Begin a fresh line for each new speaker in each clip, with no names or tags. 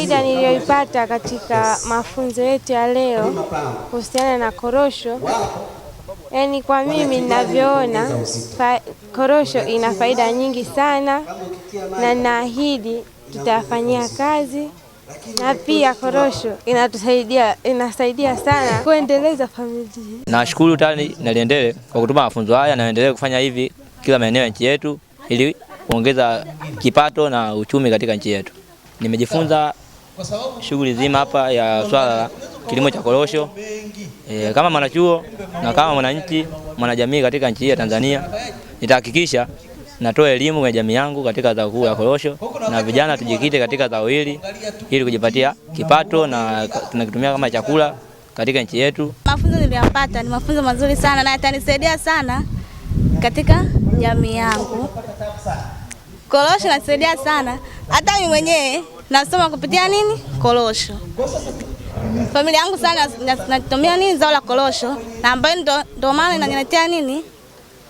faida niliyoipata katika mafunzo yetu ya leo kuhusiana na korosho, yaani kwa mimi ninavyoona, korosho ina faida nyingi sana, na naahidi tutafanyia kazi na pia korosho inatusaidia inasaidia sana kuendeleza familia.
Nashukuru TANI Naliendele kwa kutuma mafunzo haya, naendelea kufanya hivi kila maeneo ya nchi yetu ili kuongeza kipato na uchumi katika nchi yetu. Nimejifunza shughuli zima hapa ya swala la kilimo cha korosho e, kama mwanachuo na kama mwananchi mwanajamii katika nchi hii ya Tanzania nitahakikisha natoa elimu kwenye jamii yangu katika zao kuu ya korosho, na vijana tujikite katika zao hili ili kujipatia kipato na tunakitumia kama chakula katika nchi yetu.
Mafunzo niliyopata ni mafunzo mazuri sana na yatanisaidia sana katika jamii yangu. Korosho nasaidia sana hata mimi mwenyewe nasoma kupitia nini korosho. Familia yangu sana natumia nini zao la korosho, na ambayo ndo, ndo maana inaniletea nini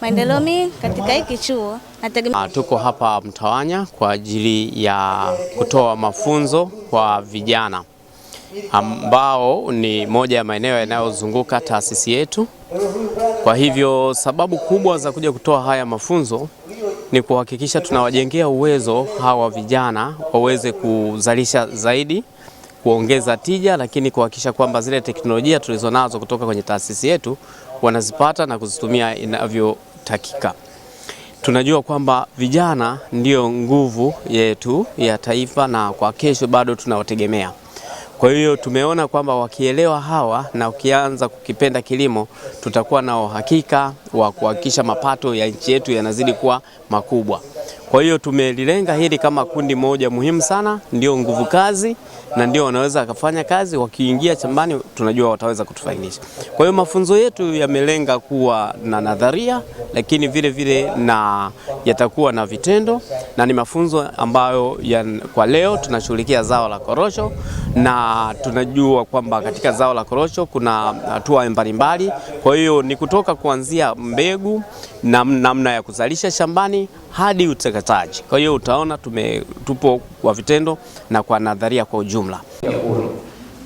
maendeleo mimi katika hiki chuo.
Nategemea ah, tuko hapa Mtawanya kwa ajili ya kutoa mafunzo kwa vijana ambao ni moja ya maeneo yanayozunguka taasisi yetu. Kwa hivyo sababu kubwa za kuja kutoa haya mafunzo ni kuhakikisha tunawajengea uwezo hawa vijana waweze kuzalisha zaidi, kuongeza tija, lakini kuhakikisha kwamba zile teknolojia tulizonazo kutoka kwenye taasisi yetu wanazipata na kuzitumia inavyotakika. Tunajua kwamba vijana ndiyo nguvu yetu ya taifa na kwa kesho bado tunawategemea. Kwa hiyo tumeona kwamba wakielewa hawa na ukianza kukipenda kilimo, tutakuwa na uhakika wa kuhakikisha mapato ya nchi yetu yanazidi kuwa makubwa. Kwa hiyo tumelilenga hili kama kundi moja muhimu sana, ndio nguvu kazi na ndio wanaweza wakafanya kazi, wakiingia shambani tunajua wataweza kutufaidisha. Kwa hiyo mafunzo yetu yamelenga kuwa na nadharia, lakini vile vile na yatakuwa na vitendo, na ni mafunzo ambayo ya, kwa leo tunashughulikia zao la korosho, na tunajua kwamba katika zao la korosho kuna hatua mbalimbali. Kwa hiyo ni kutoka kuanzia mbegu na namna ya kuzalisha shambani hadi uteketaji. Kwa hiyo utaona tume, tupo kwa vitendo na kwa nadharia kwa ujumla.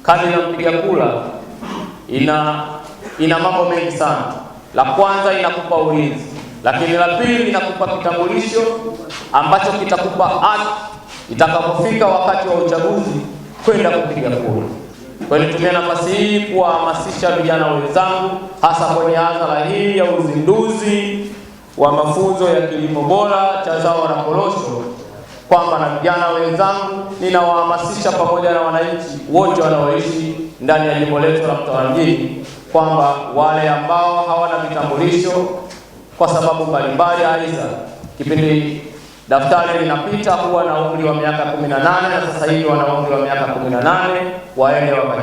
Kazi ya mpiga kura ina, ina mambo mengi sana. La kwanza inakupa ulinzi, lakini la pili inakupa kitambulisho ambacho kitakupa hadhi itakapofika wakati wa uchaguzi kwenda kupiga kura. Kwa hiyo nitumia nafasi hii kuwahamasisha vijana wenzangu, hasa kwenye hadhara hii ya uzinduzi wa mafunzo ya kilimo bora cha zao la korosho kwamba na vijana wenzangu ninawahamasisha pamoja na wananchi wote wanaoishi ndani ya jimbo letu la Mtwara mjini kwamba wale ambao hawana vitambulisho kwa sababu mbalimbali, aidha kipindi daftari linapita huwa na umri wa miaka 18 na sasa hivi wana umri wa miaka 18 waende wa